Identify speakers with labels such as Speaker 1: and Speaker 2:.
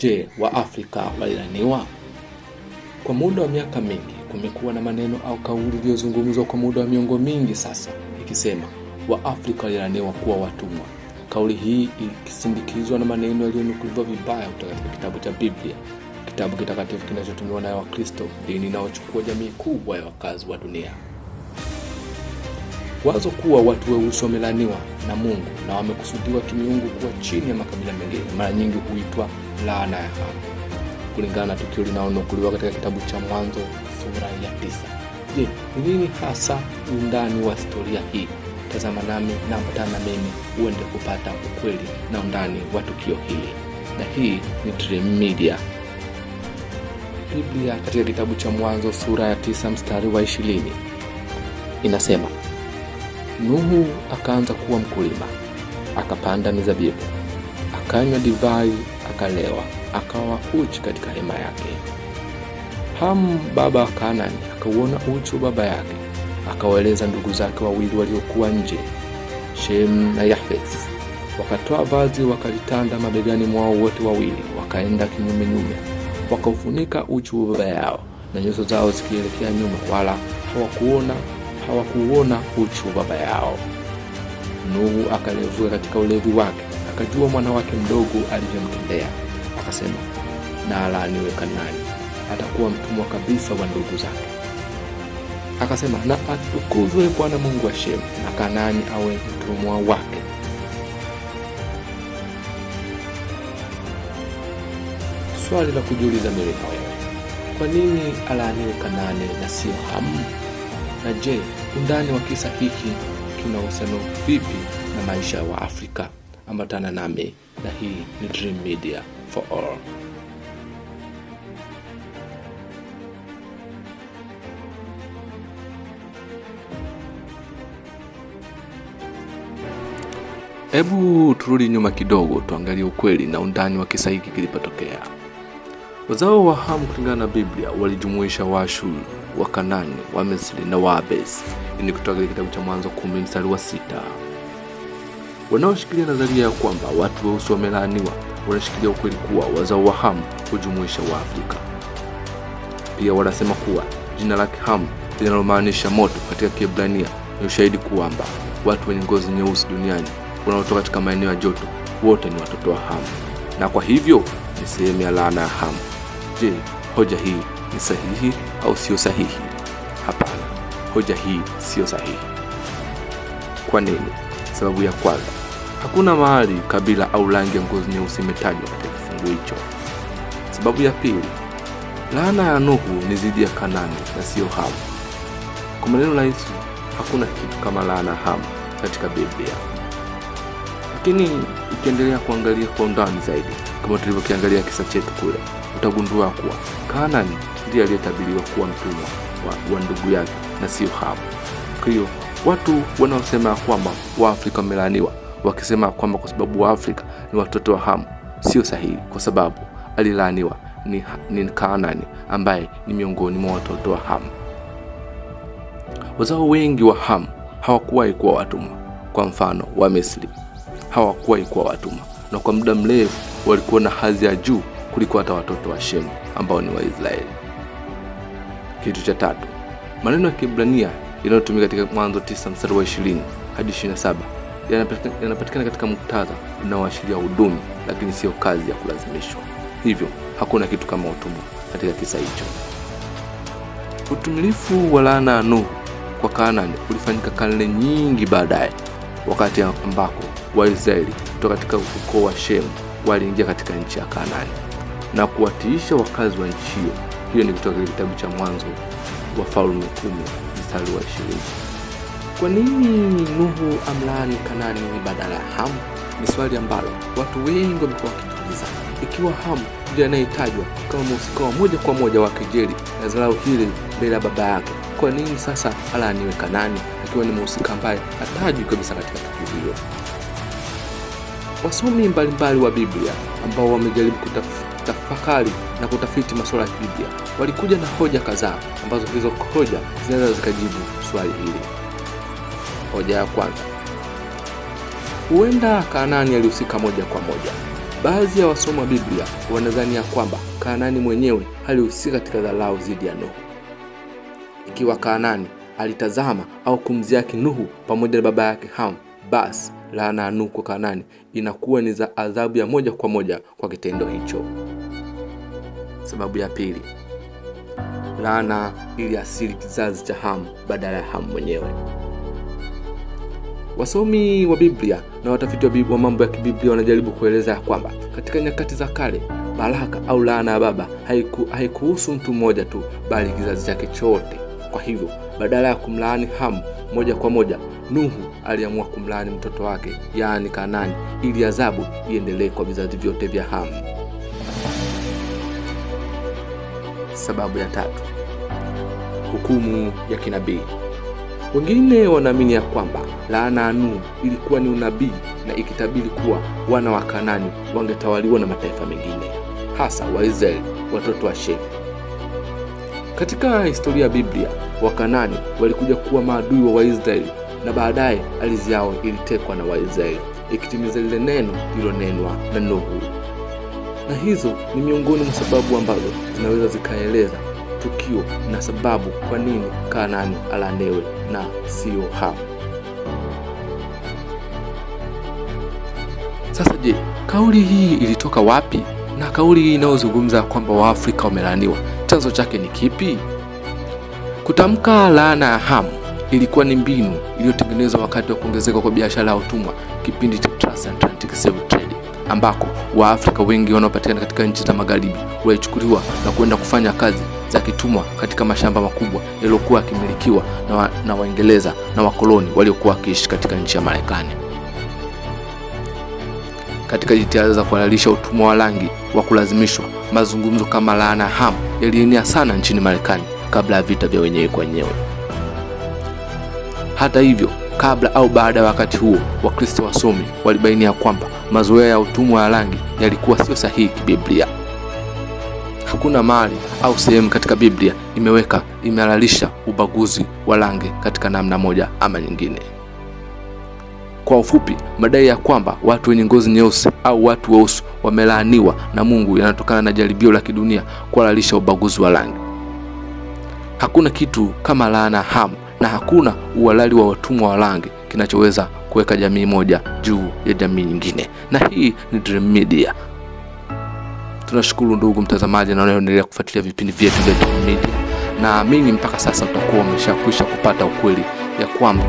Speaker 1: Je, Waafrika walilaniwa? Kwa muda wa miaka mingi kumekuwa na maneno au kauli iliyozungumzwa kwa muda wa miongo mingi sasa ikisema Waafrika walilaniwa kuwa watumwa. Kauli hii ikisindikizwa na maneno yaliyonukuliwa vibaya kutoka katika kitabu cha Biblia, kitabu kitakatifu kinachotumiwa na Wakristo, dini inayochukua jamii kubwa ya wakazi wa dunia. Wazo kuwa watu weusi wamelaniwa na Mungu na wamekusudiwa kimiungu kuwa chini ya makabila mengine mara nyingi huitwa laana ya Hamu kulingana na tukio linaonukuliwa katika kitabu cha Mwanzo sura ya tisa. Je, ni nini hasa undani wa historia hii? Tazama nami na mtana mimi uende kupata ukweli na undani wa tukio hili, na hii ni Dream Media. Biblia katika kitabu cha Mwanzo sura ya tisa mstari wa ishirini inasema Nuhu akaanza kuwa mkulima, akapanda mizabibu, akanywa divai akalewa, akawa uchi katika hema yake. Hamu baba wa akauona uchi wa baba yake, akawaeleza ndugu zake wawili waliokuwa nje, Shemu na Yafeth. Wakatoa vazi wakalitanda mabegani mwao wote wawili, wakaenda kinyume nyume, wakaufunika uchi wa baba yao, na nyuso zao zikielekea nyuma, wala hawakuona hawakuona uchi wa baba yao. Nuhu akalevua katika ulevi wake akajua mwana wake mdogo alivyomtendea, akasema, na alaaniwe kanani atakuwa mtumwa kabisa wa ndugu zake. Akasema, na atukuzwe Bwana Mungu wa Shemu, na kanani awe mtumwa wake. Swali la kujiuliza mimi kwa nini alaaniwe kanani na sio Hamu? Na je, undani wa kisa hiki kina uhusiano vipi na maisha ya Waafrika? ambatana nami, na hii ni Dream Media for All. Hebu turudi nyuma kidogo, tuangalie ukweli na undani wa kisa hiki kilipotokea. Wazao wa Hamu kulingana na Biblia walijumuisha kanani Wakanani, Wamisri na Waabesi. Ni kutoka kitabu cha Mwanzo 1 mstari wa 6 Wanaoshikilia nadharia ya kwamba watu weusi wamelaaniwa wanashikilia ukweli kuwa wazao wa Ham hujumuisha Waafrika. Pia wanasema kuwa jina lake Ham linalomaanisha moto katika Kiebrania ni ushahidi kwamba watu wenye ngozi nyeusi duniani wanaotoka katika maeneo ya joto wote ni watoto wa Ham na kwa hivyo ni sehemu ya laana ya Ham. Je, hoja hii ni sahihi au siyo sahihi? Hapana, hoja hii siyo sahihi. Kwa nini? Sababu ya kwanza Hakuna mahali kabila au rangi ya ngozi nyeusi imetajwa katika kifungu hicho. Sababu ya pili, laana ya Nuhu ni dhidi ya Kanani na siyo Hamu. Kwa maneno rahisi, hakuna kitu kama laana Hamu katika Biblia, lakini ukiendelea kuangalia kwa undani zaidi, kama tulivyokiangalia kisa chetu kule, utagundua kuwa Kanani ndiye aliyetabiriwa kuwa mtumwa wa, wa ndugu yake na siyo Hamu. Kwa hiyo watu wanaosema ya kwamba Waafrika wamelaaniwa wakisema kwamba kwa sababu Waafrika ni watoto wa Hamu. Sio sahihi, kwa sababu alilaaniwa ni, ni kanani ambaye ni miongoni mwa watoto wa Hamu. Wazao wengi wa Hamu hawakuwahi kuwa watumwa. Kwa mfano, wa misri hawakuwahi kuwa watumwa, na kwa muda mrefu walikuwa na hadhi ya juu kuliko hata watoto wa Shemu ambao ni Waisraeli. Kitu cha tatu, maneno ya Kiebrania yanayotumika katika Mwanzo 9 mstari wa 20 hadi 27 yanapatikana katika muktadha unaoashiria hudumi, lakini sio kazi ya kulazimishwa. Hivyo hakuna kitu kama utumwa katika kisa hicho. Utumilifu wa laana ya Nuhu kwa kanani ulifanyika karne nyingi baadaye, wakati ambako Waisraeli kutoka katika ukoo wa Shemu waliingia katika nchi ya kanani na kuwatiisha wakazi wa nchi hiyo. Hiyo ni kutoka kile kitabu cha Mwanzo wa falume kumi mstari wa ishirini. Kwa nini Nuhu amlaani Kanani badala ya Hamu? Ni swali ambalo watu wengi wamekuwa wakituliza Ikiwa Hamu ndio anayetajwa kama mhusika wa moja kwa moja wa kejeli na zarau hili mbele ya baba yake, kwa nini sasa alaaniwe Kanani akiwa ni mhusika ambaye hatajwi kabisa katika tukio hilo? Wasomi mbalimbali wa Biblia ambao wamejaribu kutafakari na kutafiti masuala ya kibiblia walikuja na hoja kadhaa ambazo hizo hoja zinaweza zikajibu swali hili. Hoja ya kwanza, huenda kanani alihusika moja kwa moja. Baadhi ya wasoma wa Biblia wanadhania kwamba kanani mwenyewe alihusika katika dharau dhidi ya Nuhu. Ikiwa kanani alitazama au kumziaki Nuhu pamoja na baba yake ham basi laana ya Nuhu kwa kanani inakuwa ni za adhabu ya moja kwa moja kwa kitendo hicho. Sababu ya pili, laana iliasili kizazi cha ham badala ya ham mwenyewe. Wasomi wa Biblia na watafiti wa, wa mambo ya kibiblia wanajaribu kueleza ya kwamba katika nyakati za kale baraka au laana ya baba haiku, haikuhusu mtu mmoja tu, bali kizazi chake chote. Kwa hivyo badala ya kumlaani Hamu moja kwa moja, Nuhu aliamua kumlaani mtoto wake, yaani Kanani, ili adhabu iendelee kwa vizazi vyote vya Hamu. Sababu ya tatu, hukumu ya kinabii. Wengine wanaamini ya kwamba laana ya Nuhu ilikuwa ni unabii na ikitabiri kuwa wana wa Kanani wangetawaliwa na mataifa mengine, hasa Waisraeli, watoto wa Shemu. Katika historia ya Biblia, Wakanani walikuja kuwa maadui wa Waisraeli na baadaye ardhi yao ilitekwa na Waisraeli, ikitimiza lile neno lilonenwa na Nuhu. Na hizo ni miongoni mwa sababu ambazo zinaweza zikaeleza tukio na sababu kwa nini Kanani alandewe na sio Hamu. Sasa je, kauli hii ilitoka wapi? Na kauli hii inayozungumza kwamba Waafrika wamelaaniwa, chanzo chake ni kipi? Kutamka laana ya ham ilikuwa ni mbinu iliyotengenezwa wakati wa kuongezeka kwa biashara ya utumwa, kipindi cha transatlantic slave trade, ambako Waafrika wengi wanaopatikana katika nchi za magharibi walichukuliwa na kuenda kufanya kazi za kitumwa katika mashamba makubwa yaliyokuwa yakimilikiwa na Waingereza na wakoloni waliokuwa wakiishi katika nchi ya Marekani. Katika jitihada za kuhalalisha utumwa wa rangi wa kulazimishwa, mazungumzo kama laana ham yalienea sana nchini Marekani kabla ya vita vya wenyewe kwa wenyewe. Hata hivyo, kabla au baada ya wakati huo, Wakristo wasomi walibainia kwamba mazoea ya utumwa wa rangi yalikuwa sio sahihi kibiblia. Hakuna mahali au sehemu katika Biblia imeweka imehalalisha ubaguzi wa rangi katika namna moja ama nyingine. Kwa ufupi, madai ya kwamba watu wenye ngozi nyeusi au watu weusi wamelaaniwa na Mungu yanatokana na jaribio la kidunia kuhalalisha ubaguzi wa rangi. Hakuna kitu kama laana hamu na hakuna uhalali wa watumwa wa rangi kinachoweza kuweka jamii moja juu ya jamii nyingine, na hii ni Dream Media. Tunashukuru ndugu mtazamaji, na unaendelea kufuatilia vipindi vyetu vya Tumaini Media. Naamini mpaka sasa utakuwa umeshakwisha kupata ukweli ya kwamba